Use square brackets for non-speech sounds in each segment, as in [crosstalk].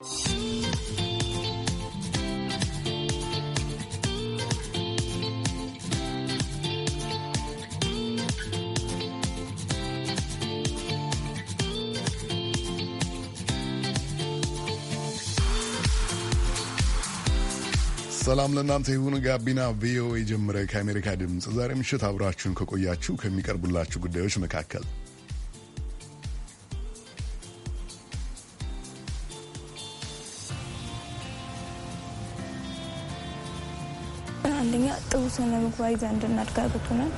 ሰላም ለእናንተ ይሁን። ጋቢና ቪኦኤ ጀምረ ከአሜሪካ ድምፅ ዛሬ ምሽት አብራችሁን ከቆያችሁ ከሚቀርቡላችሁ ጉዳዮች መካከል ስነ ምግባር ይዘን እንድናድግ አድርጎናል።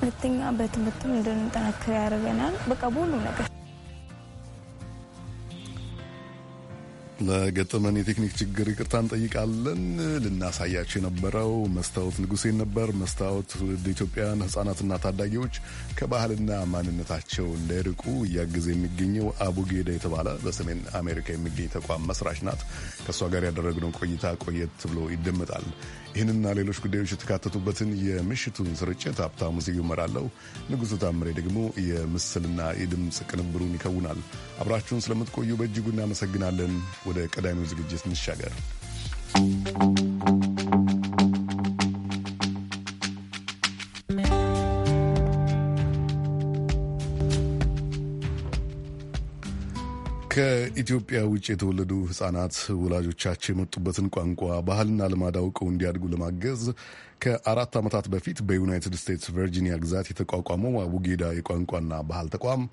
ሁለተኛ በትምህርትም እንድንጠናክር ያደርገናል። በቃ በሁሉም ነገር ለገጠመን የቴክኒክ ችግር ይቅርታ እንጠይቃለን። ልናሳያቸው የነበረው መስታወት ንጉሴን ነበር። መስታወት ትውልድ ኢትዮጵያውያን ህጻናትና ታዳጊዎች ከባህልና ማንነታቸው እንዳይርቁ እያገዘ የሚገኘው አቡጌዳ የተባለ በሰሜን አሜሪካ የሚገኝ ተቋም መስራች ናት። ከእሷ ጋር ያደረግነው ቆይታ ቆየት ብሎ ይደመጣል። ይህንና ሌሎች ጉዳዮች የተካተቱበትን የምሽቱን ስርጭት ሀብታሙ ስዩም እመራለሁ። ንጉሱ ታምሬ ደግሞ የምስልና የድምፅ ቅንብሩን ይከውናል። አብራችሁን ስለምትቆዩ በእጅጉ እናመሰግናለን። ወደ ቀዳሚው ዝግጅት እንሻገር። ከኢትዮጵያ ውጭ የተወለዱ ህጻናት ወላጆቻቸው የመጡበትን ቋንቋ ባህልና ልማድ አውቀው እንዲያድጉ ለማገዝ ከአራት ዓመታት በፊት በዩናይትድ ስቴትስ ቨርጂኒያ ግዛት የተቋቋመው አቡጌዳ የቋንቋና ባህል ተቋም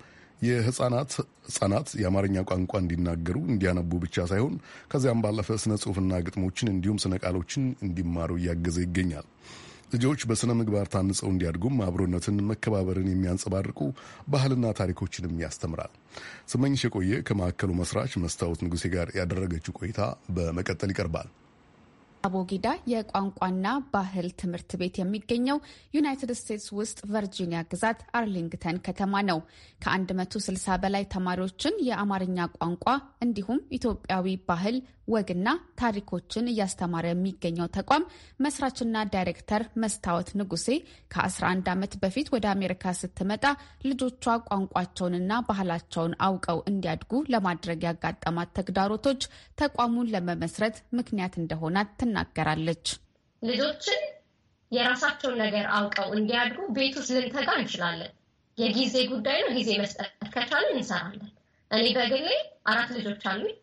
የህጻናት ህጻናት የአማርኛ ቋንቋ እንዲናገሩ እንዲያነቡ ብቻ ሳይሆን ከዚያም ባለፈ ስነ ጽሁፍና ግጥሞችን እንዲሁም ስነ ቃሎችን እንዲማሩ እያገዘ ይገኛል። ልጆች በሥነ ምግባር ታንጸው እንዲያድጉም አብሮነትን፣ መከባበርን የሚያንጸባርቁ ባህልና ታሪኮችንም ያስተምራል። ስመኝሽ የቆየ ከማዕከሉ መስራች መስታወት ንጉሴ ጋር ያደረገችው ቆይታ በመቀጠል ይቀርባል። አቦጊዳ የቋንቋና ባህል ትምህርት ቤት የሚገኘው ዩናይትድ ስቴትስ ውስጥ ቨርጂኒያ ግዛት አርሊንግተን ከተማ ነው። ከ160 በላይ ተማሪዎችን የአማርኛ ቋንቋ እንዲሁም ኢትዮጵያዊ ባህል ወግና ታሪኮችን እያስተማረ የሚገኘው ተቋም መስራችና ዳይሬክተር መስታወት ንጉሴ ከ11 ዓመት በፊት ወደ አሜሪካ ስትመጣ ልጆቿ ቋንቋቸውንና ባህላቸውን አውቀው እንዲያድጉ ለማድረግ ያጋጠማት ተግዳሮቶች ተቋሙን ለመመስረት ምክንያት እንደሆናት ትናገራለች። ልጆችን የራሳቸውን ነገር አውቀው እንዲያድጉ ቤት ውስጥ ልንተጋ እንችላለን። የጊዜ ጉዳይ ነው። ጊዜ መስጠት ከቻለን እንሰራለን። እኔ በግሌ አራት ልጆች አሉኝ።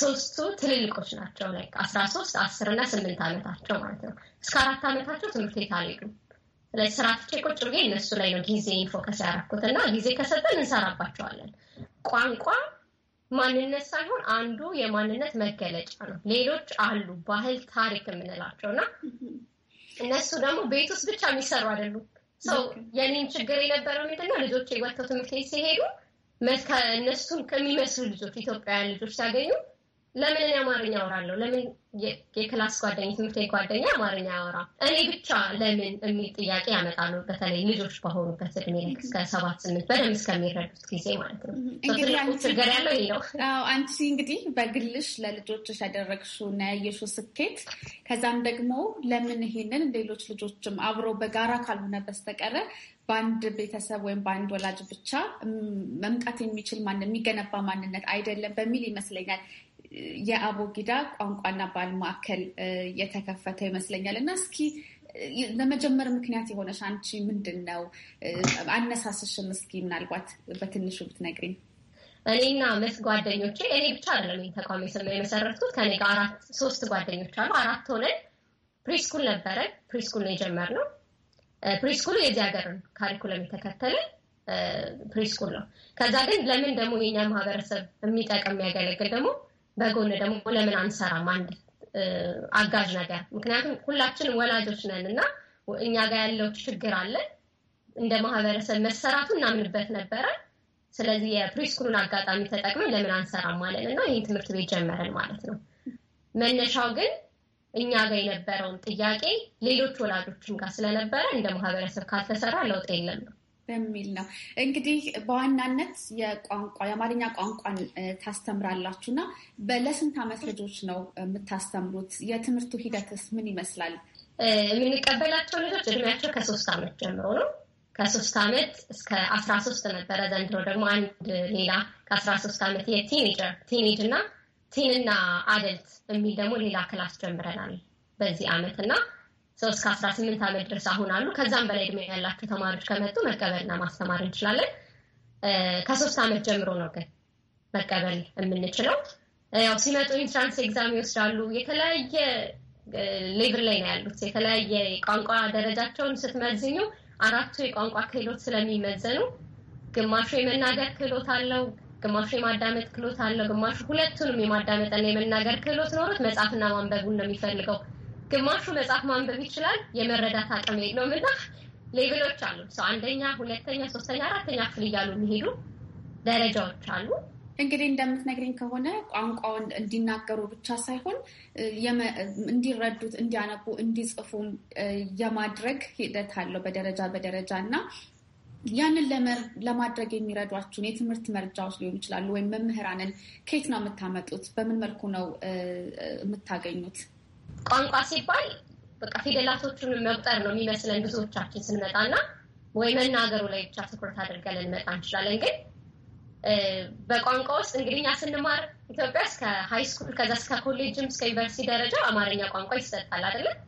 ሶስቱ ትልልቆች ናቸው። ላይ አስራ ሶስት አስር እና ስምንት ዓመታቸው ማለት ነው። እስከ አራት ዓመታቸው ትምህርት ቤት አልሄዱም። ስለዚህ ስራ ትቼ ቁጭ ብዬ እነሱ ላይ ነው ጊዜ ፎከስ ያደረኩት እና ጊዜ ከሰጠን እንሰራባቸዋለን። ቋንቋ ማንነት ሳይሆን አንዱ የማንነት መገለጫ ነው። ሌሎች አሉ ባህል፣ ታሪክ የምንላቸው እና እነሱ ደግሞ ቤት ውስጥ ብቻ የሚሰሩ አይደሉም። ሰው የኔን ችግር የነበረው ምንድነው ልጆች የወጥተው ትምህርት ቤት ሲሄዱ እነሱን ከሚመስሉ ልጆች ኢትዮጵያውያን ልጆች ሲያገኙ ለምን አማርኛ አወራለሁ? ለምን የክላስ ጓደኛ ትምህርት ጓደኛ አማርኛ አወራ እኔ ብቻ ለምን የሚል ጥያቄ ያመጣሉ። በተለይ ልጆች በሆኑበት እድሜ ልክ እስከ ሰባት ስምንት በደንብ እስከሚረዱት ጊዜ ማለት ነው። ችግር ያለው ይሄ ነው። አንቺ እንግዲህ በግልሽ ለልጆችሽ ያደረግሽው እና ያየሽው ስኬት፣ ከዛም ደግሞ ለምን ይሄንን ሌሎች ልጆችም አብሮ በጋራ ካልሆነ በስተቀረ በአንድ ቤተሰብ ወይም በአንድ ወላጅ ብቻ መምጣት የሚችል ማን የሚገነባ ማንነት አይደለም በሚል ይመስለኛል የአቦጊዳ ቋንቋና ባህል ማዕከል የተከፈተ ይመስለኛል እና እስኪ ለመጀመር ምክንያት የሆነሽ አንቺ ምንድን ነው? አነሳስሽም እስኪ ምናልባት በትንሹ ብትነግሪኝ። እኔና ምስ ጓደኞቼ እኔ ብቻ አይደለም ተቋሚ ስም የመሰረትኩት ከኔ ጋር ሶስት ጓደኞች አሉ። አራት ሆነን ፕሪስኩል ነበረ። ፕሪስኩል ነው የጀመርነው። ፕሪስኩሉ የዚህ ሀገርን ካሪኩለም የተከተለ ፕሪስኩል ነው። ከዛ ግን ለምን ደግሞ የኛ ማህበረሰብ የሚጠቅም የሚያገለግል ደግሞ በጎን ደግሞ ለምን አንሰራም አንድ አጋዥ ነገር። ምክንያቱም ሁላችንም ወላጆች ነን እና እኛ ጋር ያለው ችግር አለ እንደ ማህበረሰብ መሰራቱ እናምንበት ነበረ። ስለዚህ የፕሪስኩሉን አጋጣሚ ተጠቅመን ለምን አንሰራም ማለት እና ይህን ትምህርት ቤት ጀመረን ማለት ነው። መነሻው ግን እኛ ጋር የነበረውን ጥያቄ ሌሎች ወላጆችም ጋር ስለነበረ እንደ ማህበረሰብ ካልተሰራ ለውጥ የለም ነው። በሚል ነው እንግዲህ በዋናነት የቋንቋ የአማርኛ ቋንቋን ታስተምራላችሁ እና በለስንት ዓመት ልጆች ነው የምታስተምሩት? የትምህርቱ ሂደትስ ምን ይመስላል? የምንቀበላቸው ልጆች እድሜያቸው ከሶስት ዓመት ጀምሮ ነው። ከሶስት ዓመት እስከ አስራ ሶስት ነበረ። ዘንድሮ ደግሞ አንድ ሌላ ከአስራ ሶስት ዓመት የቲኔጀር ቲኔጅ እና ቲንና አደልት የሚል ደግሞ ሌላ ክላስ ጀምረናል በዚህ ዓመት እና ሰው እስከ አስራ ስምንት ዓመት ድረስ አሁን አሉ። ከዛም በላይ እድሜ ያላቸው ተማሪዎች ከመጡ መቀበልና ማስተማር እንችላለን። ከሶስት ዓመት ጀምሮ ነው ግን መቀበል የምንችለው። ያው ሲመጡ ኢንትራንስ ኤግዛም ይወስዳሉ። የተለያየ ሌቭል ላይ ነው ያሉት። የተለያየ የቋንቋ ደረጃቸውን ስትመዝኙ አራቱ የቋንቋ ክህሎት ስለሚመዘኑ ግማሹ የመናገር ክህሎት አለው፣ ግማሹ የማዳመጥ ክህሎት አለው፣ ግማሹ ሁለቱንም የማዳመጥና የመናገር ክህሎት ኖሮት መጽሐፍና ማንበቡን ነው የሚፈልገው። ግማሹ መጽሐፍ ማንበብ ይችላል። የመረዳት አቅም የለውም እና ሌቪሎች አሉ። ሰው አንደኛ፣ ሁለተኛ፣ ሶስተኛ፣ አራተኛ ክፍል እያሉ የሚሄዱ ደረጃዎች አሉ። እንግዲህ እንደምትነግረኝ ከሆነ ቋንቋውን እንዲናገሩ ብቻ ሳይሆን እንዲረዱት፣ እንዲያነቡ፣ እንዲጽፉ የማድረግ ሂደት አለው በደረጃ በደረጃ እና ያንን ለማድረግ የሚረዷችሁን የትምህርት መርጃዎች ሊሆኑ ይችላሉ ወይም መምህራንን ከየት ነው የምታመጡት? በምን መልኩ ነው የምታገኙት? ቋንቋ ሲባል በቃ ፊደላቶቹን መቁጠር ነው የሚመስለን ብዙዎቻችን ስንመጣና ወይ መናገሩ ላይ ብቻ ትኩረት አድርገን ልንመጣ እንችላለን። ግን በቋንቋ ውስጥ እንግዲህ ስንማር ኢትዮጵያ እስከ ሃይ ስኩል ከዛ እስከ ኮሌጅም እስከ ዩኒቨርሲቲ ደረጃ አማርኛ ቋንቋ ይሰጣል አይደለም።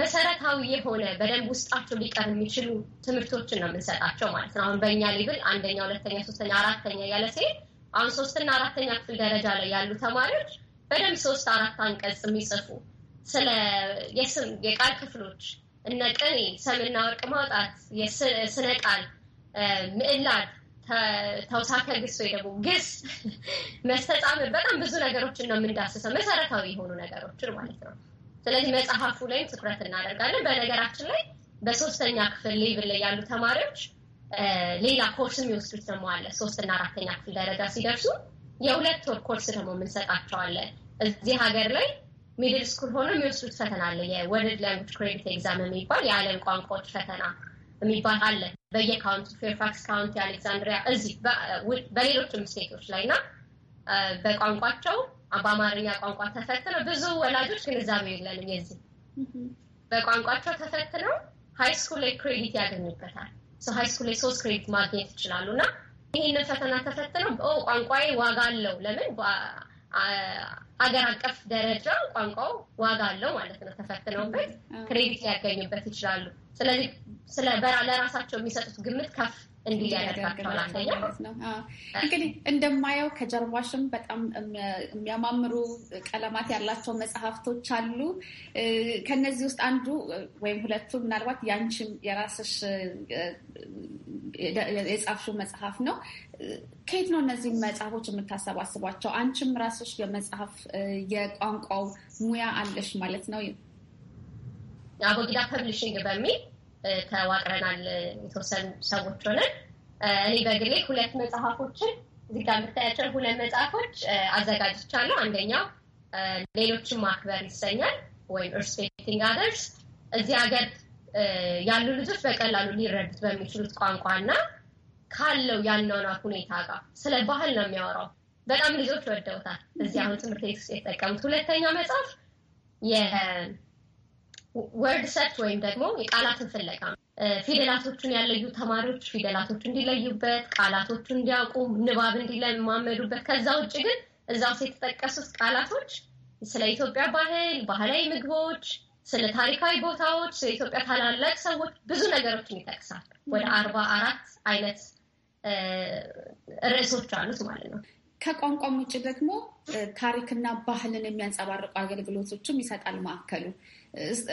መሰረታዊ የሆነ በደንብ ውስጣቸው ሊቀር የሚችሉ ትምህርቶችን ነው የምንሰጣቸው ማለት ነው። አሁን በእኛ ሌብል አንደኛ፣ ሁለተኛ፣ ሶስተኛ፣ አራተኛ እያለ ሲሄድ አሁን ሶስትና አራተኛ ክፍል ደረጃ ላይ ያሉ ተማሪዎች በደንብ ሶስት አራት አንቀጽ የሚጽፉ ስለ የስም የቃል ክፍሎች እነ ቅኔ፣ ሰምና ወርቅ ማውጣት፣ ስነ ቃል፣ ምዕላድ፣ ተውሳከ ግስ ወይ ደግሞ ግስ [laughs] መስተጻም፣ በጣም ብዙ ነገሮችን ነው የምንዳስሰው መሰረታዊ የሆኑ ነገሮችን ማለት ነው። ስለዚህ መጽሐፉ ላይም ትኩረት እናደርጋለን። በነገራችን ላይ በሶስተኛ ክፍል ሌቭል ላይ ያሉ ተማሪዎች ሌላ ኮርስ የሚወስዱት ደግሞ አለ። ሶስትና አራተኛ ክፍል ደረጃ ሲደርሱ የሁለት ወር ኮርስ ደግሞ የምንሰጣቸዋለን እዚህ ሀገር ላይ ሚድል ስኩል ሆኖ የሚወስዱት ፈተና አለ። የወርልድ ላንጉጅ ክሬዲት ኤግዛም የሚባል የዓለም ቋንቋዎች ፈተና የሚባል አለ በየካውንቲ ፌርፋክስ ካውንቲ፣ አሌክዛንድሪያ፣ እዚህ በሌሎችም ስቴቶች ላይ እና በቋንቋቸው በአማርኛ ቋንቋ ተፈትነው ብዙ ወላጆች ግንዛቤ የለንም የዚህ በቋንቋቸው ተፈትነው ሀይ ስኩል ላይ ክሬዲት ያገኙበታል። ሀይ ስኩል ላይ ሶስት ክሬዲት ማግኘት ይችላሉ እና ይህንን ፈተና ተፈትነው ቋንቋዬ ዋጋ አለው ለምን ሀገር አቀፍ ደረጃ ቋንቋው ዋጋ አለው ማለት ነው። ተፈትነውበት ክሬዲት ሊያገኙበት ይችላሉ። ስለዚህ ለራሳቸው የሚሰጡት ግምት ከፍ እንዲህ ያደርጋቸዋል። አንደኛ እንግዲህ እንደማየው ከጀርባሽም በጣም የሚያማምሩ ቀለማት ያላቸው መጽሐፍቶች አሉ። ከነዚህ ውስጥ አንዱ ወይም ሁለቱ ምናልባት ያንቺም የራስሽ የጻፍሽው መጽሐፍ ነው። ከየት ነው እነዚህ መጽሐፎች የምታሰባስቧቸው? አንቺም ራስሽ የመጽሐፍ የቋንቋው ሙያ አለሽ ማለት ነው። አቦጊዳ ፐብሊሽንግ በሚል ተዋቅረናል። የተወሰኑ ሰዎች ሆነን እኔ በግሌ ሁለት መጽሐፎችን እዚህ ጋር የምታያቸው ሁለት መጽሐፎች አዘጋጅቻለሁ። አንደኛው ሌሎችን ማክበር ይሰኛል ወይም ሪስፔክቲንግ አደርስ እዚህ ሀገር ያሉ ልጆች በቀላሉ ሊረዱት በሚችሉት ቋንቋና ካለው ያኗኗር ሁኔታ ጋር ስለ ባህል ነው የሚያወራው። በጣም ልጆች ወደውታል። እዚህ አሁን ትምህርት ቤት ውስጥ የተጠቀሙት ሁለተኛው መጽሐፍ ወርድ ሰርች ወይም ደግሞ የቃላትን ፍለጋ ፊደላቶቹን ያለዩ ተማሪዎች ፊደላቶቹ እንዲለዩበት፣ ቃላቶቹ እንዲያውቁ፣ ንባብ እንዲለማመዱበት። ከዛ ውጭ ግን እዛ ውስጥ የተጠቀሱት ቃላቶች ስለ ኢትዮጵያ ባህል፣ ባህላዊ ምግቦች፣ ስለ ታሪካዊ ቦታዎች፣ ስለ ኢትዮጵያ ታላላቅ ሰዎች ብዙ ነገሮችን ይጠቅሳል። ወደ አርባ አራት አይነት ርዕሶች አሉት ማለት ነው። ከቋንቋም ውጭ ደግሞ ታሪክና ባህልን የሚያንጸባርቁ አገልግሎቶችም ይሰጣል ማዕከሉ።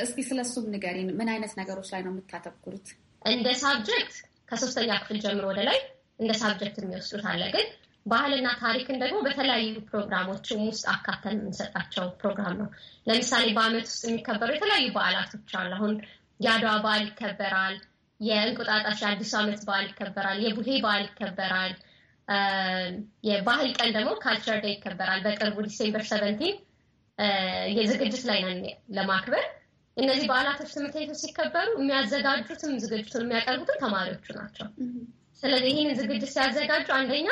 እስኪ ስለሱም ንገሪን። ምን አይነት ነገሮች ላይ ነው የምታተኩሩት? እንደ ሳብጀክት ከሶስተኛ ክፍል ጀምሮ ወደ ላይ እንደ ሳብጀክት የሚወስዱት አለ። ግን ባህልና ታሪክን ደግሞ በተለያዩ ፕሮግራሞችም ውስጥ አካተን የምንሰጣቸው ፕሮግራም ነው። ለምሳሌ በአመት ውስጥ የሚከበሩ የተለያዩ በዓላቶች አሉ። አሁን የአድዋ በዓል ይከበራል። የእንቁጣጣሽ የአዲሱ ዓመት በዓል ይከበራል። የቡሄ በዓል ይከበራል። የባህል ቀን ደግሞ ካልቸር ደ ይከበራል። በቅርቡ ዲሴምበር ሰቨንቲን የዝግጅት ላይ ነን ለማክበር። እነዚህ በዓላቶች ትምህርት ቤቶች ሲከበሩ የሚያዘጋጁትም ዝግጅቱን የሚያቀርቡትም ተማሪዎቹ ናቸው። ስለዚህ ይህንን ዝግጅት ሲያዘጋጁ አንደኛ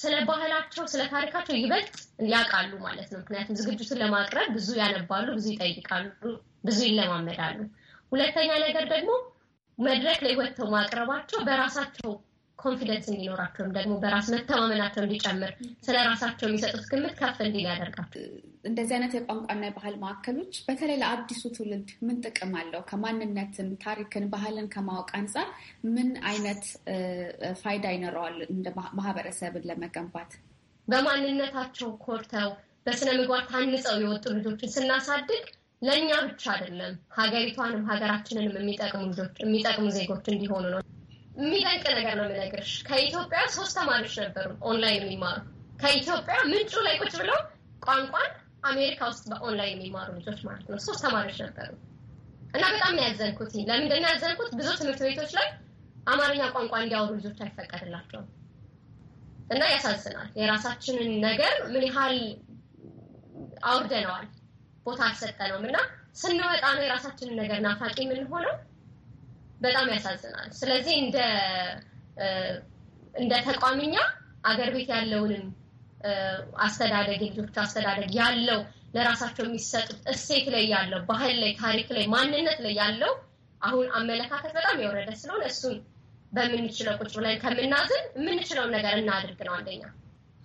ስለ ባህላቸው፣ ስለ ታሪካቸው ይበልጥ ያውቃሉ ማለት ነው። ምክንያቱም ዝግጅቱን ለማቅረብ ብዙ ያነባሉ፣ ብዙ ይጠይቃሉ፣ ብዙ ይለማመዳሉ። ሁለተኛ ነገር ደግሞ መድረክ ላይ ወጥተው ማቅረባቸው በራሳቸው ኮንፊደንስ እንዲኖራቸውም ደግሞ በራስ መተማመናቸው እንዲጨምር ስለ ራሳቸው የሚሰጡት ግምት ከፍ እንዲል ያደርጋቸው። እንደዚህ አይነት የቋንቋና የባህል ማዕከሎች በተለይ ለአዲሱ ትውልድ ምን ጥቅም አለው? ከማንነትን፣ ታሪክን፣ ባህልን ከማወቅ አንጻር ምን አይነት ፋይዳ ይኖረዋል? እንደ ማህበረሰብን ለመገንባት በማንነታቸው ኮርተው በስነ ምግባር ታንጸው የወጡ ልጆችን ስናሳድግ ለእኛ ብቻ አይደለም ሀገሪቷንም ሀገራችንንም የሚጠቅሙ ልጆች የሚጠቅሙ ዜጎች እንዲሆኑ ነው። የሚደንቅ ነገር ነው የምነግርሽ። ከኢትዮጵያ ሶስት ተማሪዎች ነበሩ ኦንላይን የሚማሩ ከኢትዮጵያ ምንጩ ላይ ቁጭ ብለው ቋንቋን አሜሪካ ውስጥ በኦንላይን የሚማሩ ልጆች ማለት ነው። ሶስት ተማሪዎች ነበሩ እና በጣም ነው ያዘንኩት። ለምንድን ነው ያዘንኩት? ብዙ ትምህርት ቤቶች ላይ አማርኛ ቋንቋ እንዲያወሩ ልጆች አይፈቀድላቸውም እና ያሳዝናል። የራሳችንን ነገር ምን ያህል አውርደነዋል፣ ቦታ አልሰጠነውም እና ስንወጣ ነው የራሳችንን ነገር ናፋቂ የምንሆነው። በጣም ያሳዝናል። ስለዚህ እንደ እንደ ተቋሚኛ አገር ቤት ያለውንም አስተዳደግ ልጆች አስተዳደግ ያለው ለራሳቸው የሚሰጡት እሴት ላይ ያለው ባህል ላይ ታሪክ ላይ ማንነት ላይ ያለው አሁን አመለካከት በጣም የወረደ ስለሆነ እሱን በምንችለው ቁጭ ብለን ከምናዝን የምንችለውን ነገር እናድርግ ነው አንደኛ።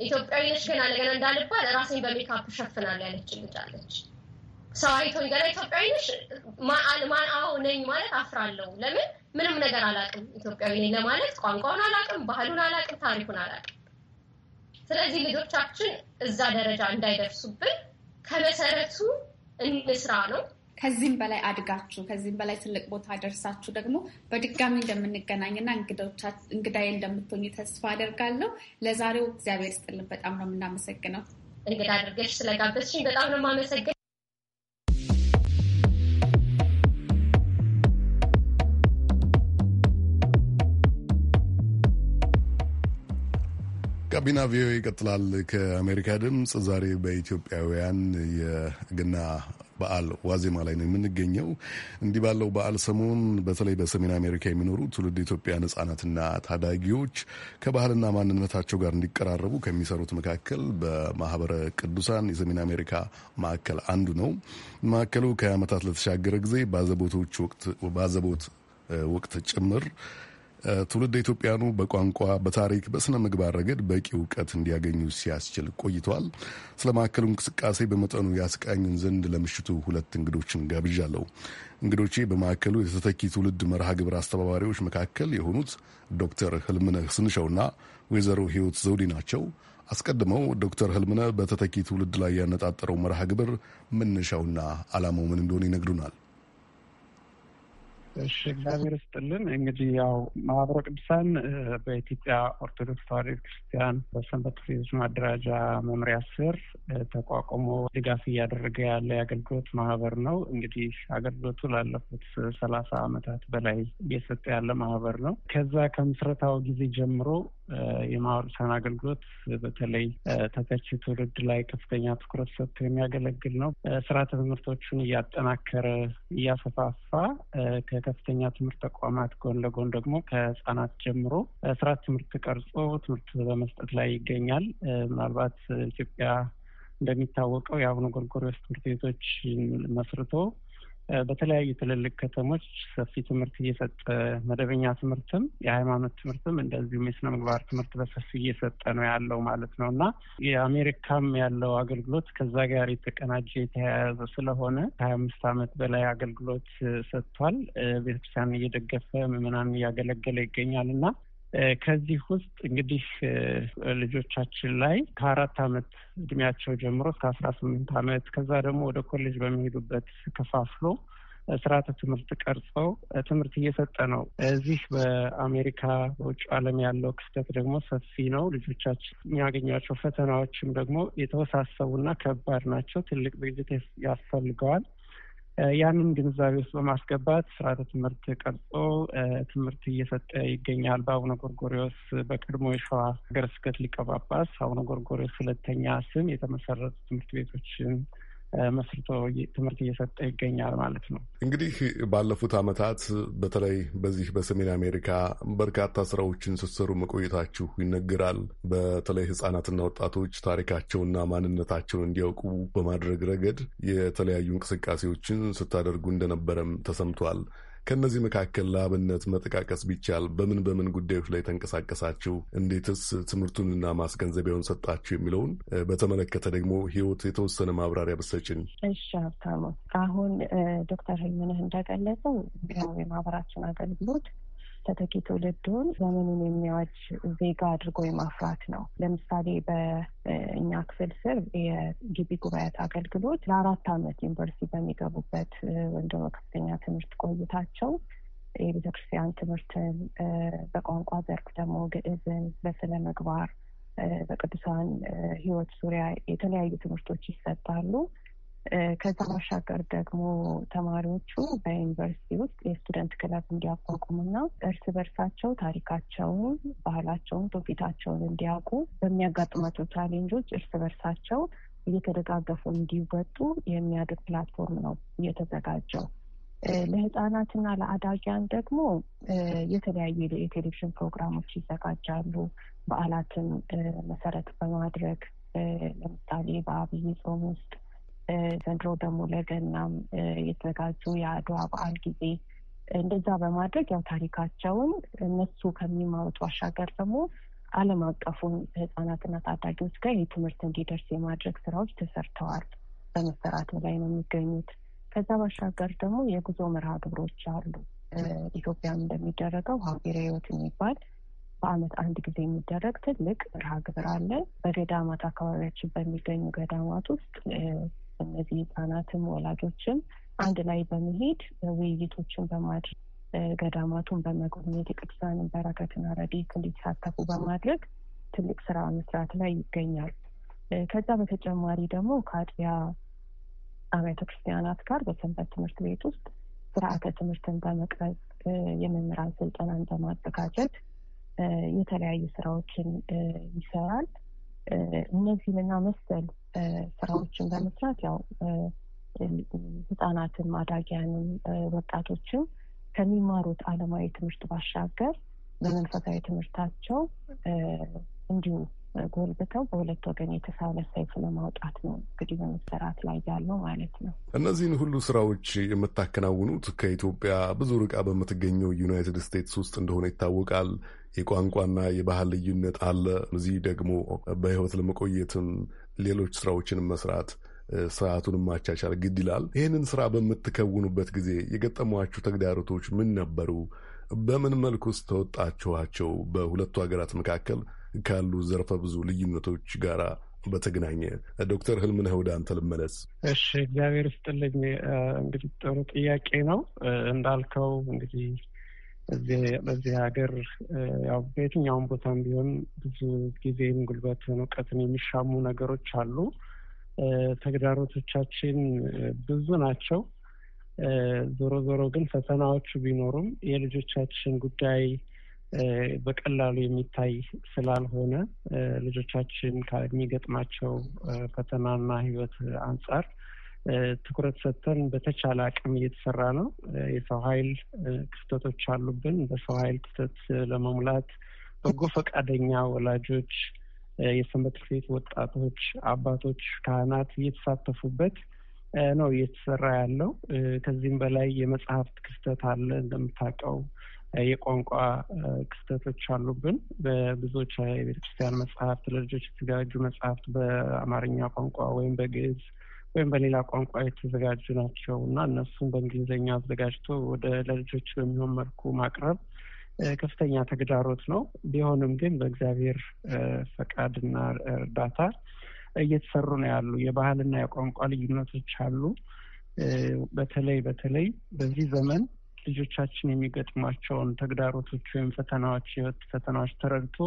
ኢትዮጵያዊ ነች ገና ለገና እንዳልባል ራሴን በሜካፕ ሸፍናል ያለች ልጅ አለች። ሰው አይቶኝ ገና ኢትዮጵያዊ ነሽ አዎ ነኝ ማለት አፍራለሁ። ለምን ምንም ነገር አላውቅም። ኢትዮጵያዊ ነኝ ለማለት ቋንቋውን አላውቅም፣ ባህሉን አላውቅም፣ ታሪኩን አላውቅም። ስለዚህ ልጆቻችን እዛ ደረጃ እንዳይደርሱብን ከመሰረቱ እንስራ ነው። ከዚህም በላይ አድጋችሁ ከዚህም በላይ ትልቅ ቦታ ደርሳችሁ ደግሞ በድጋሚ እንደምንገናኝና እንግዳዬ እንደምትሆኝ ተስፋ አደርጋለሁ። ለዛሬው እግዚአብሔር ስጥልን። በጣም ነው የምናመሰግነው። እንግዳ አድርገሽ ስለጋበዝሽኝ በጣም ነው የማመሰግነው። ጋቢና ቪኦኤ ይቀጥላል። ከአሜሪካ ድምፅ ዛሬ በኢትዮጵያውያን የገና በዓል ዋዜማ ላይ ነው የምንገኘው። እንዲህ ባለው በዓል ሰሞን በተለይ በሰሜን አሜሪካ የሚኖሩ ትውልድ ኢትዮጵያን ሕጻናትና ታዳጊዎች ከባህልና ማንነታቸው ጋር እንዲቀራረቡ ከሚሰሩት መካከል በማህበረ ቅዱሳን የሰሜን አሜሪካ ማዕከል አንዱ ነው። ማዕከሉ ከዓመታት ለተሻገረ ጊዜ ባዘቦት ወቅት ጭምር ትውልድ ኢትዮጵያኑ በቋንቋ፣ በታሪክ፣ በስነ ምግባር ረገድ በቂ እውቀት እንዲያገኙ ሲያስችል ቆይተዋል። ስለ ማዕከሉ እንቅስቃሴ በመጠኑ ያስቃኝን ዘንድ ለምሽቱ ሁለት እንግዶችን ጋብዣለሁ። እንግዶቼ በማዕከሉ የተተኪ ትውልድ መርሃ ግብር አስተባባሪዎች መካከል የሆኑት ዶክተር ህልምነህ ስንሸውና ወይዘሮ ህይወት ዘውዲ ናቸው። አስቀድመው ዶክተር ህልምነህ በተተኪ ትውልድ ላይ ያነጣጠረው መርሃ ግብር መነሻውና ዓላማው ምን እንደሆነ ይነግዱናል። እሺ እግዚአብሔር ስጥልን። እንግዲህ ያው ማህበረ ቅዱሳን በኢትዮጵያ ኦርቶዶክስ ተዋሕዶ ቤተክርስቲያን በሰንበት ፌዞች ማደራጃ መምሪያ ስር ተቋቁሞ ድጋፍ እያደረገ ያለ የአገልግሎት ማህበር ነው። እንግዲህ አገልግሎቱ ላለፉት ሰላሳ ዓመታት በላይ እየሰጠ ያለ ማህበር ነው። ከዛ ከምስረታው ጊዜ ጀምሮ የማህበረሰብን አገልግሎት በተለይ ተተች ትውልድ ላይ ከፍተኛ ትኩረት ሰጥቶ የሚያገለግል ነው። ስርዓተ ትምህርቶቹን እያጠናከረ እያሰፋፋ ከከፍተኛ ትምህርት ተቋማት ጎን ለጎን ደግሞ ከህጻናት ጀምሮ ስርዓተ ትምህርት ቀርጾ ትምህርት በመስጠት ላይ ይገኛል። ምናልባት ኢትዮጵያ እንደሚታወቀው የአቡነ ጎርጎሪዎስ ትምህርት ቤቶች መስርቶ በተለያዩ ትልልቅ ከተሞች ሰፊ ትምህርት እየሰጠ መደበኛ ትምህርትም የሃይማኖት ትምህርትም እንደዚሁም የስነ ምግባር ትምህርት በሰፊ እየሰጠ ነው ያለው ማለት ነው እና የአሜሪካም ያለው አገልግሎት ከዛ ጋር የተቀናጀ የተያያዘ ስለሆነ ከሀያ አምስት ዓመት በላይ አገልግሎት ሰጥቷል። ቤተክርስቲያን እየደገፈ ምዕመናን እያገለገለ ይገኛል እና ከዚህ ውስጥ እንግዲህ ልጆቻችን ላይ ከአራት አመት እድሜያቸው ጀምሮ እስከ አስራ ስምንት አመት ከዛ ደግሞ ወደ ኮሌጅ በሚሄዱበት ከፋፍሎ ስርዓተ ትምህርት ቀርጸው ትምህርት እየሰጠ ነው። እዚህ በአሜሪካ በውጭ ዓለም ያለው ክስተት ደግሞ ሰፊ ነው። ልጆቻችን የሚያገኟቸው ፈተናዎችም ደግሞ የተወሳሰቡና ከባድ ናቸው። ትልቅ ዝግጅት ያስፈልገዋል። ያንን ግንዛቤ ውስጥ በማስገባት ስርዓተ ትምህርት ቀርጾ ትምህርት እየሰጠ ይገኛል። በአቡነ ጎርጎሪዎስ በቀድሞ የሸዋ ሀገረ ስብከት ሊቀ ጳጳስ አቡነ ጎርጎሪዎስ ሁለተኛ ስም የተመሰረቱ ትምህርት ቤቶችን መስርቶ ትምህርት እየሰጠ ይገኛል ማለት ነው። እንግዲህ ባለፉት ዓመታት በተለይ በዚህ በሰሜን አሜሪካ በርካታ ስራዎችን ስትሰሩ መቆየታችሁ ይነገራል። በተለይ ህጻናትና ወጣቶች ታሪካቸውና ማንነታቸውን እንዲያውቁ በማድረግ ረገድ የተለያዩ እንቅስቃሴዎችን ስታደርጉ እንደነበረም ተሰምቷል። ከእነዚህ መካከል ለአብነት መጠቃቀስ ቢቻል በምን በምን ጉዳዮች ላይ ተንቀሳቀሳችሁ፣ እንዴትስ ትምህርቱንና ማስገንዘቢያውን ሰጣችሁ የሚለውን በተመለከተ ደግሞ ህይወት የተወሰነ ማብራሪያ ብትሰጪን። እሺ ሀብታሙ፣ አሁን ዶክተር ህይምንህ እንደገለጸው የማህበራችን አገልግሎት ተተኪ ትውልዱን ዘመኑን የሚያዋጅ ዜጋ አድርጎ የማፍራት ነው። ለምሳሌ በእኛ ክፍል ስር የግቢ ጉባኤያት አገልግሎት ለአራት ዓመት ዩኒቨርሲቲ በሚገቡበት ወይም ደግሞ ከፍተኛ ትምህርት ቆይታቸው የቤተክርስቲያን ትምህርትን በቋንቋ ዘርፍ ደግሞ ግዕዝን፣ በስነ ምግባር፣ በቅዱሳን ሕይወት ዙሪያ የተለያዩ ትምህርቶች ይሰጣሉ። ከዛ ባሻገር ደግሞ ተማሪዎቹ በዩኒቨርሲቲ ውስጥ የስቱደንት ክለብ እንዲያቋቁሙና እርስ በርሳቸው ታሪካቸውን፣ ባህላቸውን፣ ትውፊታቸውን እንዲያውቁ በሚያጋጥማቸው ቻሌንጆች እርስ በርሳቸው እየተደጋገፉ እንዲወጡ የሚያደርግ ፕላትፎርም ነው እየተዘጋጀው። ለህፃናትና ለአዳጊያን ደግሞ የተለያዩ የቴሌቪዥን ፕሮግራሞች ይዘጋጃሉ። በዓላትን መሰረት በማድረግ ለምሳሌ በአብይ ጾም ውስጥ ዘንድሮ ደግሞ ለገናም የተዘጋጁ የአድዋ በዓል ጊዜ እንደዛ በማድረግ ያው ታሪካቸውን እነሱ ከሚማሩት ባሻገር ደግሞ ዓለም አቀፉን ህጻናትና ታዳጊዎች ጋር የትምህርት እንዲደርስ የማድረግ ስራዎች ተሰርተዋል፣ በመሰራት ላይ ነው የሚገኙት። ከዛ ባሻገር ደግሞ የጉዞ መርሃ ግብሮች አሉ። ኢትዮጵያም እንደሚደረገው ሀቢረ ህይወት የሚባል በአመት አንድ ጊዜ የሚደረግ ትልቅ መርሃ ግብር አለ። በገዳማት አካባቢያችን በሚገኙ ገዳማት ውስጥ እነዚህ ህጻናትም ወላጆችም አንድ ላይ በመሄድ ውይይቶችን በማድረግ ገዳማቱን በመጎብኘት የቅዱሳንን በረከትና ረድኤት እንዲሳተፉ በማድረግ ትልቅ ስራ መስራት ላይ ይገኛል። ከዛ በተጨማሪ ደግሞ ከአጥቢያ አብያተ ክርስቲያናት ጋር በሰንበት ትምህርት ቤት ውስጥ ስርዓተ ትምህርትን በመቅረጽ የመምህራን ስልጠናን በማዘጋጀት የተለያዩ ስራዎችን ይሰራል። እነዚህንና መሰል ስራዎችን በመስራት ያው ህጻናትን ማዳጊያንም ወጣቶችም ከሚማሩት አለማዊ ትምህርት ባሻገር በመንፈሳዊ ትምህርታቸው እንዲሁ ጎልብተው በሁለት ወገን የተሳለ ሰይፍ ለማውጣት ነው እንግዲህ በመሰራት ላይ ያለው ማለት ነው። እነዚህን ሁሉ ስራዎች የምታከናውኑት ከኢትዮጵያ ብዙ ርቃ በምትገኘው ዩናይትድ ስቴትስ ውስጥ እንደሆነ ይታወቃል። የቋንቋና የባህል ልዩነት አለ። እዚህ ደግሞ በህይወት ለመቆየትም ሌሎች ስራዎችን መስራት ስርዓቱን ማቻቻል ግድ ይላል። ይህንን ስራ በምትከውኑበት ጊዜ የገጠሟችሁ ተግዳሮቶች ምን ነበሩ? በምን ውስጥ ተወጣችኋቸው? በሁለቱ ሀገራት መካከል ካሉ ዘርፈ ብዙ ልዩነቶች ጋር በተገናኘ ዶክተር ህልምነህ ወደ አንተ ልመለስ። እሺ፣ እግዚአብሔር ይስጥልኝ። እንግዲህ ጥሩ ጥያቄ ነው እንዳልከው እንግዲህ በዚህ ሀገር ያው በየትኛውም ቦታም ቢሆን ብዙ ጊዜም ጉልበትን እውቀትን የሚሻሙ ነገሮች አሉ። ተግዳሮቶቻችን ብዙ ናቸው። ዞሮ ዞሮ ግን ፈተናዎቹ ቢኖሩም የልጆቻችን ጉዳይ በቀላሉ የሚታይ ስላልሆነ ልጆቻችን ከሚገጥማቸው ፈተናና ሕይወት አንጻር ትኩረት ሰጥተን በተቻለ አቅም እየተሰራ ነው። የሰው ኃይል ክፍተቶች አሉብን። በሰው ኃይል ክፍተት ለመሙላት በጎ ፈቃደኛ ወላጆች፣ የሰንበት ቤት ወጣቶች፣ አባቶች፣ ካህናት እየተሳተፉበት ነው እየተሰራ ያለው። ከዚህም በላይ የመጽሐፍት ክፍተት አለ። እንደምታውቀው የቋንቋ ክፍተቶች አሉብን። በብዙዎች የቤተክርስቲያን መጽሐፍት ለልጆች የተዘጋጁ መጽሐፍት በአማርኛ ቋንቋ ወይም በግዕዝ ወይም በሌላ ቋንቋ የተዘጋጁ ናቸው እና እነሱም በእንግሊዝኛ አዘጋጅቶ ወደ ለልጆች በሚሆን መልኩ ማቅረብ ከፍተኛ ተግዳሮት ነው። ቢሆንም ግን በእግዚአብሔር ፈቃድና እርዳታ እየተሰሩ ነው ያሉ። የባህልና የቋንቋ ልዩነቶች አሉ። በተለይ በተለይ በዚህ ዘመን ልጆቻችን የሚገጥሟቸውን ተግዳሮቶች ወይም ፈተናዎች የህይወት ፈተናዎች ተረድቶ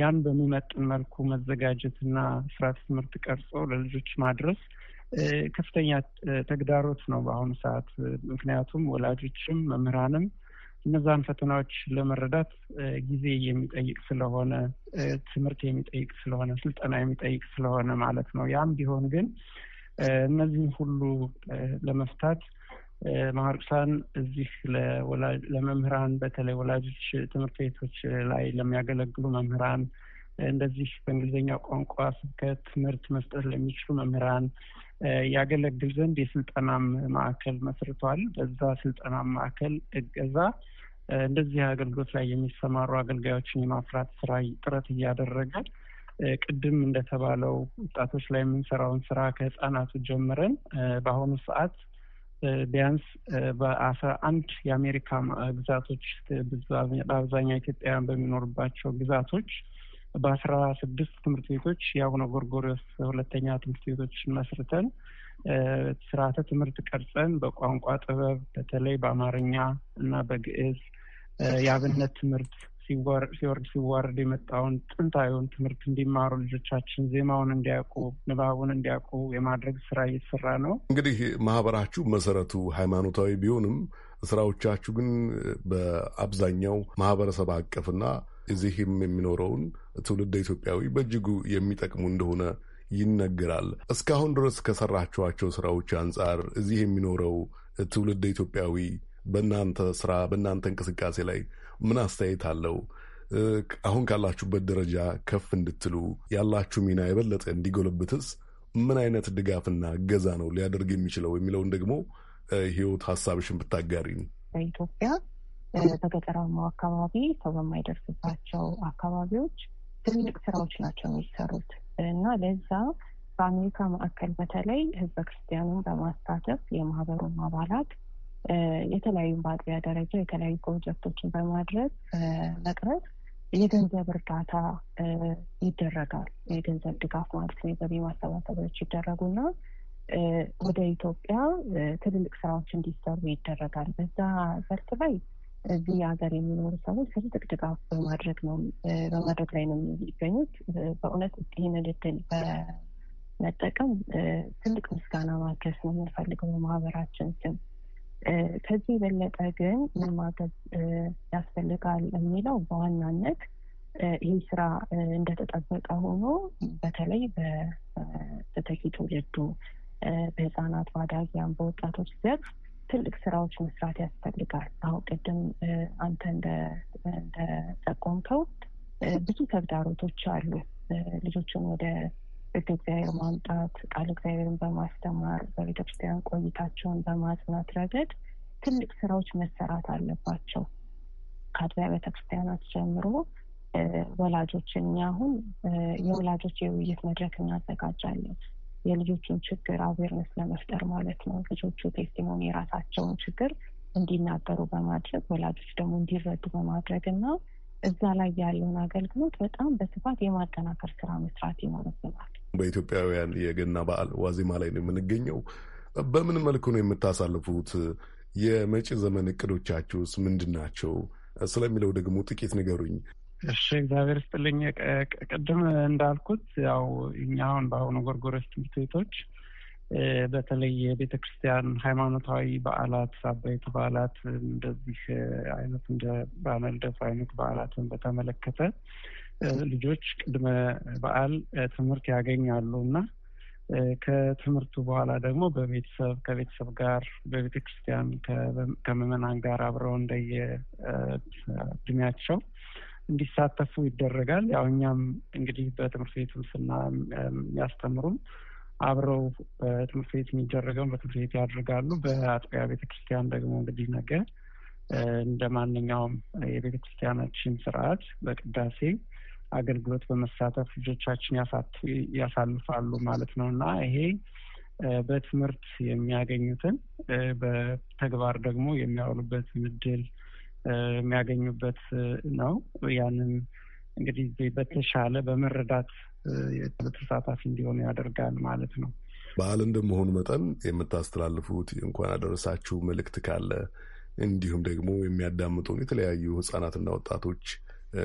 ያን በሚመጥን መልኩ መዘጋጀትና ስርዓተ ትምህርት ቀርጾ ለልጆች ማድረስ ከፍተኛ ተግዳሮት ነው በአሁኑ ሰዓት። ምክንያቱም ወላጆችም መምህራንም እነዛን ፈተናዎች ለመረዳት ጊዜ የሚጠይቅ ስለሆነ፣ ትምህርት የሚጠይቅ ስለሆነ፣ ስልጠና የሚጠይቅ ስለሆነ ማለት ነው። ያም ቢሆን ግን እነዚህም ሁሉ ለመፍታት ማህርቅሳን እዚህ ለመምህራን በተለይ ወላጆች ትምህርት ቤቶች ላይ ለሚያገለግሉ መምህራን እንደዚህ በእንግሊዝኛ ቋንቋ ስብከት ትምህርት መስጠት ለሚችሉ መምህራን ያገለግል ዘንድ የስልጠና ማዕከል መስርቷል። በዛ ስልጠና ማዕከል እገዛ እንደዚህ አገልግሎት ላይ የሚሰማሩ አገልጋዮችን የማፍራት ስራ ጥረት እያደረገ ቅድም እንደተባለው ወጣቶች ላይ የምንሰራውን ስራ ከህጻናቱ ጀምረን በአሁኑ ሰዓት ቢያንስ በአስራ አንድ የአሜሪካ ግዛቶች በአብዛኛው ኢትዮጵያውያን በሚኖሩባቸው ግዛቶች በአስራ ስድስት ትምህርት ቤቶች የአቡነ ጎርጎሪዎስ ሁለተኛ ትምህርት ቤቶች መስርተን ስርዓተ ትምህርት ቀርጸን በቋንቋ ጥበብ በተለይ በአማርኛ እና በግዕዝ የአብነት ትምህርት ሲወርድ ሲዋርድ የመጣውን ጥንታዊውን ትምህርት እንዲማሩ ልጆቻችን ዜማውን እንዲያውቁ ንባቡን እንዲያውቁ የማድረግ ስራ እየተሰራ ነው። እንግዲህ ማህበራችሁ መሰረቱ ሃይማኖታዊ ቢሆንም ስራዎቻችሁ ግን በአብዛኛው ማህበረሰብ አቀፍና እዚህም የሚኖረውን ትውልደ ኢትዮጵያዊ በእጅጉ የሚጠቅሙ እንደሆነ ይነገራል። እስካሁን ድረስ ከሰራችኋቸው ስራዎች አንጻር እዚህ የሚኖረው ትውልደ ኢትዮጵያዊ በእናንተ ስራ በእናንተ እንቅስቃሴ ላይ ምን አስተያየት አለው? አሁን ካላችሁበት ደረጃ ከፍ እንድትሉ ያላችሁ ሚና የበለጠ እንዲጎለብትስ ምን አይነት ድጋፍና እገዛ ነው ሊያደርግ የሚችለው የሚለውን ደግሞ ህይወት ሀሳብሽን ብታጋሪ። በኢትዮጵያ በገጠራማው አካባቢ ሰው በማይደርስባቸው አካባቢዎች ትልቅ ስራዎች ናቸው የሚሰሩት እና ለዛ በአሜሪካ ማዕከል በተለይ ህዝበ ክርስቲያኑን በማሳተፍ የማህበሩን አባላት የተለያዩ በአጥቢያ ደረጃ የተለያዩ ፕሮጀክቶችን በማድረግ መቅረብ የገንዘብ እርዳታ ይደረጋል። የገንዘብ ድጋፍ ማለት ነው። የገቢ ማሰባሰቢያዎች ይደረጉና ወደ ኢትዮጵያ ትልልቅ ስራዎች እንዲሰሩ ይደረጋል። በዛ ዘርፍ ላይ እዚህ ሀገር የሚኖሩ ሰዎች ከትልቅ ድጋፍ በማድረግ ነው በማድረግ ላይ ነው የሚገኙት። በእውነት ይህንን እድል በመጠቀም ትልቅ ምስጋና ማድረስ ነው የምንፈልገው በማህበራችን ስም። ከዚህ የበለጠ ግን ምን ማገዝ ያስፈልጋል የሚለው በዋናነት ይህ ስራ እንደተጠበቀ ሆኖ በተለይ በተተኪ ትውልዱ በህፃናት፣ ባዳጊያን፣ በወጣቶች ዘርፍ ትልቅ ስራዎች መስራት ያስፈልጋል። አሁን ቅድም አንተ እንደጠቆምከው ብዙ ተግዳሮቶች አሉ። ልጆችን ወደ ሕግ እግዚአብሔር ማምጣት፣ ቃል እግዚአብሔርን በማስተማር በቤተክርስቲያን ቆይታቸውን በማጽናት ረገድ ትልቅ ስራዎች መሰራት አለባቸው። ከአጥቢያ ቤተክርስቲያናት ጀምሮ ወላጆችን እኛ አሁን የወላጆች የውይይት መድረክ እናዘጋጃለን። የልጆቹን ችግር አዌርነስ ለመፍጠር ማለት ነው። ልጆቹ ቴስቲሞኒ የራሳቸውን ችግር እንዲናገሩ በማድረግ ወላጆች ደግሞ እንዲረዱ በማድረግ እና እዛ ላይ ያለውን አገልግሎት በጣም በስፋት የማጠናከር ስራ መስራት ይኖርብናል። በኢትዮጵያውያን የገና በዓል ዋዜማ ላይ ነው የምንገኘው። በምን መልኩ ነው የምታሳልፉት? የመጪ ዘመን እቅዶቻችሁስ ምንድን ናቸው? ስለሚለው ደግሞ ጥቂት ንገሩኝ። እሺ እግዚአብሔር ስጥልኝ ቅድም እንዳልኩት ያው እኛ አሁን በአሁኑ ጎርጎሮች ትምህርት ቤቶች በተለይ የቤተ ክርስቲያን ሃይማኖታዊ በዓላት፣ አበይት በዓላት እንደዚህ አይነት እንደ በዓለ ልደቱ አይነት በዓላትን በተመለከተ ልጆች ቅድመ በዓል ትምህርት ያገኛሉ እና ከትምህርቱ በኋላ ደግሞ በቤተሰብ ከቤተሰብ ጋር በቤተ ክርስቲያን ከምዕመናን ጋር አብረው እንደየ እድሜያቸው እንዲሳተፉ ይደረጋል። ያው እኛም እንግዲህ በትምህርት ቤቱም ስና የሚያስተምሩም አብረው በትምህርት ቤት የሚደረገውን በትምህርት ቤት ያደርጋሉ። በአጥቢያ ቤተክርስቲያን ደግሞ እንግዲህ ነገ እንደ ማንኛውም የቤተክርስቲያናችን ስርዓት በቅዳሴ አገልግሎት በመሳተፍ ልጆቻችን ያሳልፋሉ ማለት ነው እና ይሄ በትምህርት የሚያገኙትን በተግባር ደግሞ የሚያውሉበትን እድል የሚያገኙበት ነው። ያንን እንግዲህ በተሻለ በመረዳት ተሳታፊ እንዲሆኑ ያደርጋል ማለት ነው። በዓል እንደመሆኑ መጠን የምታስተላልፉት እንኳን አደረሳችሁ መልእክት ካለ እንዲሁም ደግሞ የሚያዳምጡን የተለያዩ ህጻናትና ወጣቶች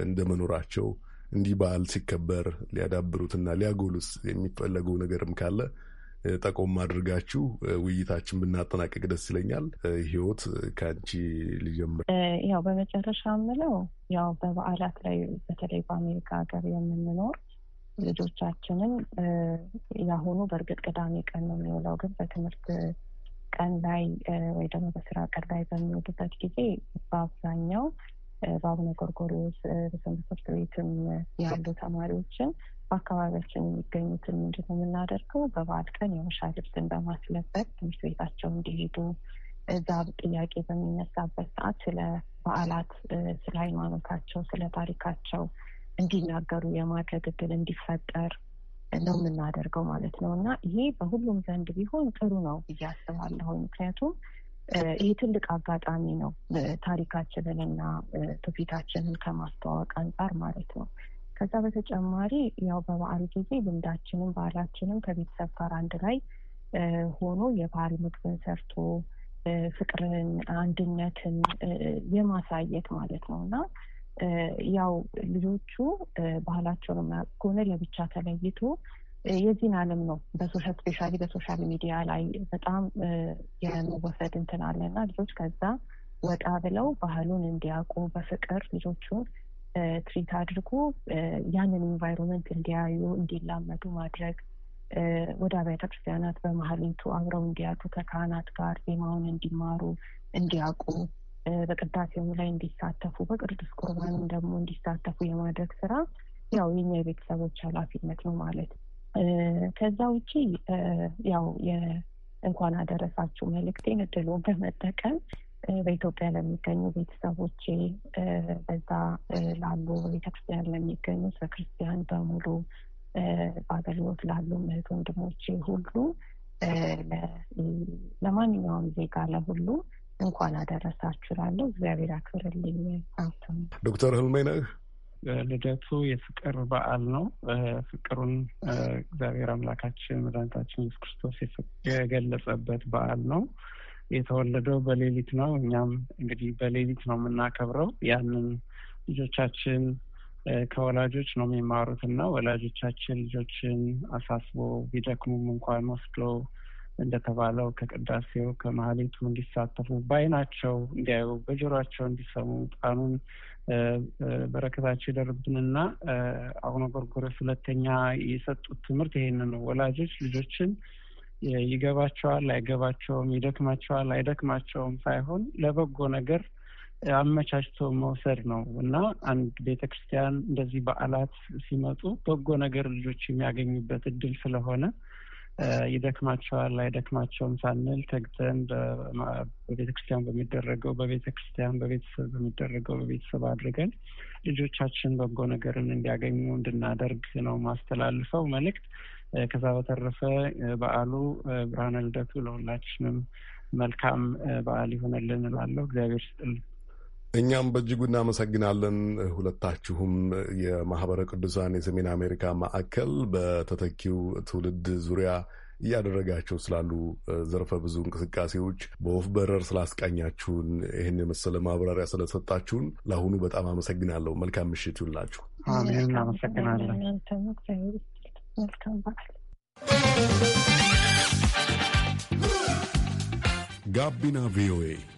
እንደመኖራቸው እንዲህ በዓል ሲከበር ሊያዳብሩትና ሊያጎሉት የሚፈለገው ነገርም ካለ ጠቆም አድርጋችሁ ውይይታችን ብናጠናቀቅ ደስ ይለኛል። ህይወት ከአንቺ ልጀምር። ያው በመጨረሻ የምለው ያው በበዓላት ላይ በተለይ በአሜሪካ ሀገር የምንኖር ልጆቻችንን ያሁኑ በእርግጥ ቅዳሜ ቀን ነው የሚውለው፣ ግን በትምህርት ቀን ላይ ወይ ደግሞ በስራ ቀን ላይ በሚወዱበት ጊዜ በአብዛኛው በአቡነ ጎርጎሪዎስ በሰንበት ትምህርት ቤትም ያሉ ተማሪዎችን በአካባቢያችን የሚገኙትን ምንድን ነው የምናደርገው? በበዓል ቀን የመሻ ልብስን በማስለበት ትምህርት ቤታቸው እንዲሄዱ እዛ ጥያቄ በሚነሳበት ሰዓት ስለ በዓላት፣ ስለ ሃይማኖታቸው፣ ስለ ታሪካቸው እንዲናገሩ የማድረግ እድል እንዲፈጠር ነው የምናደርገው ማለት ነው እና ይሄ በሁሉም ዘንድ ቢሆን ጥሩ ነው ብዬ አስባለሁ። ምክንያቱም ይህ ትልቅ አጋጣሚ ነው ታሪካችንን እና ትውፊታችንን ከማስተዋወቅ አንጻር ማለት ነው። ከዛ በተጨማሪ ያው በበዓል ጊዜ ልምዳችንም ባህላችንም ከቤተሰብ ጋር አንድ ላይ ሆኖ የባህል ምግብን ሰርቶ ፍቅርን፣ አንድነትን የማሳየት ማለት ነው እና ያው ልጆቹ ባህላቸውን ከሆነ ለብቻ ተለይቶ የዚህን ዓለም ነው በሶሻል ስፔሻሊ በሶሻል ሚዲያ ላይ በጣም የመወሰድ እንትን አለ እና ልጆች ከዛ ወጣ ብለው ባህሉን እንዲያውቁ በፍቅር ልጆቹን ትሪት አድርጎ ያንን ኢንቫይሮንመንት እንዲያዩ እንዲላመዱ ማድረግ ወደ አብያተ ክርስቲያናት በማህሌቱ አብረው እንዲያዱ ከካህናት ጋር ዜማውን እንዲማሩ እንዲያውቁ በቅዳሴውም ላይ እንዲሳተፉ በቅዱስ ቁርባንም ደግሞ እንዲሳተፉ የማድረግ ስራ ያው የኛ የቤተሰቦች ኃላፊነት ነው ማለት ከዛ ውጪ ያው እንኳን አደረሳችሁ መልእክቴን እድሉን በመጠቀም በኢትዮጵያ ለሚገኙ ቤተሰቦቼ፣ በዛ ላሉ ቤተክርስቲያን ለሚገኙ ክርስቲያን በሙሉ በአገልግሎት ላሉ እህት ወንድሞቼ ሁሉ ለማንኛውም ዜጋ ለሁሉ እንኳን አደረሳችሁ እላለሁ። እግዚአብሔር አክብርልኝ። አብቶም ዶክተር ህልሜ ነህ። ልደቱ የፍቅር በዓል ነው። ፍቅሩን እግዚአብሔር አምላካችን መድኃኒታችን ኢየሱስ ክርስቶስ የገለጸበት በዓል ነው። የተወለደው በሌሊት ነው። እኛም እንግዲህ በሌሊት ነው የምናከብረው። ያንን ልጆቻችን ከወላጆች ነው የሚማሩት እና ወላጆቻችን ልጆችን አሳስቦ ቢደክሙም እንኳን ወስዶ እንደተባለው ከቅዳሴው ከማህሌቱ እንዲሳተፉ በአይናቸው እንዲያዩ በጆሯቸው እንዲሰሙ ጣኑን በረከታቸው ይደርብንና አቡነ ጎርጎረስ ሁለተኛ የሰጡት ትምህርት ይሄንን ነው። ወላጆች ልጆችን ይገባቸዋል፣ አይገባቸውም፣ ይደክማቸዋል፣ አይደክማቸውም ሳይሆን ለበጎ ነገር አመቻችቶ መውሰድ ነው እና አንድ ቤተ ክርስቲያን እንደዚህ በዓላት ሲመጡ በጎ ነገር ልጆች የሚያገኙበት እድል ስለሆነ ይደክማቸዋል አይደክማቸውም ሳንል ተግተን በቤተ ክርስቲያን በሚደረገው በቤተ ክርስቲያን በቤተሰብ በሚደረገው በቤተሰብ አድርገን ልጆቻችን በጎ ነገርን እንዲያገኙ እንድናደርግ ነው ማስተላልፈው መልእክት። ከዛ በተረፈ በዓሉ ብርሃነ ልደቱ ለሁላችንም መልካም በዓል ይሆነልን እላለሁ። እግዚአብሔር ስጥል። እኛም በእጅጉ እናመሰግናለን። ሁለታችሁም የማህበረ ቅዱሳን የሰሜን አሜሪካ ማዕከል በተተኪው ትውልድ ዙሪያ እያደረጋቸው ስላሉ ዘርፈ ብዙ እንቅስቃሴዎች በወፍ በረር ስላስቃኛችሁን፣ ይህን የመሰለ ማብራሪያ ስለሰጣችሁን ለአሁኑ በጣም አመሰግናለሁ። መልካም ምሽት ይሁንላችሁ። አሜን። አመሰግናለን። no então, Gabina VOA,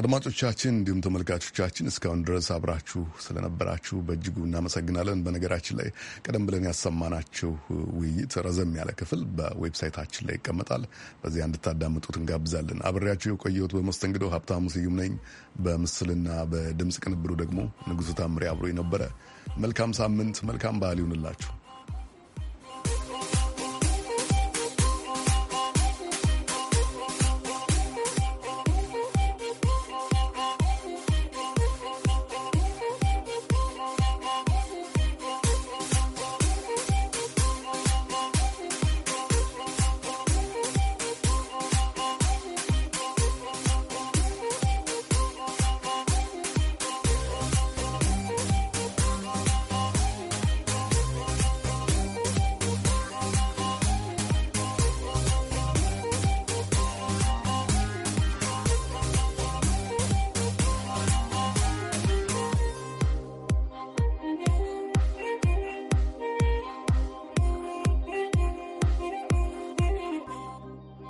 አድማጮቻችን እንዲሁም ተመልካቾቻችን እስካሁን ድረስ አብራችሁ ስለነበራችሁ በእጅጉ እናመሰግናለን። በነገራችን ላይ ቀደም ብለን ያሰማናችሁ ውይይት ረዘም ያለ ክፍል በዌብሳይታችን ላይ ይቀመጣል። በዚያ እንድታዳምጡት እንጋብዛለን። አብሬያችሁ የቆየሁት በመስተንግዶ ሀብታሙ ስዩም ነኝ። በምስልና በድምፅ ቅንብሩ ደግሞ ንጉሱ ታምሬ አብሮ የነበረ። መልካም ሳምንት፣ መልካም ባህል ይሁንላችሁ።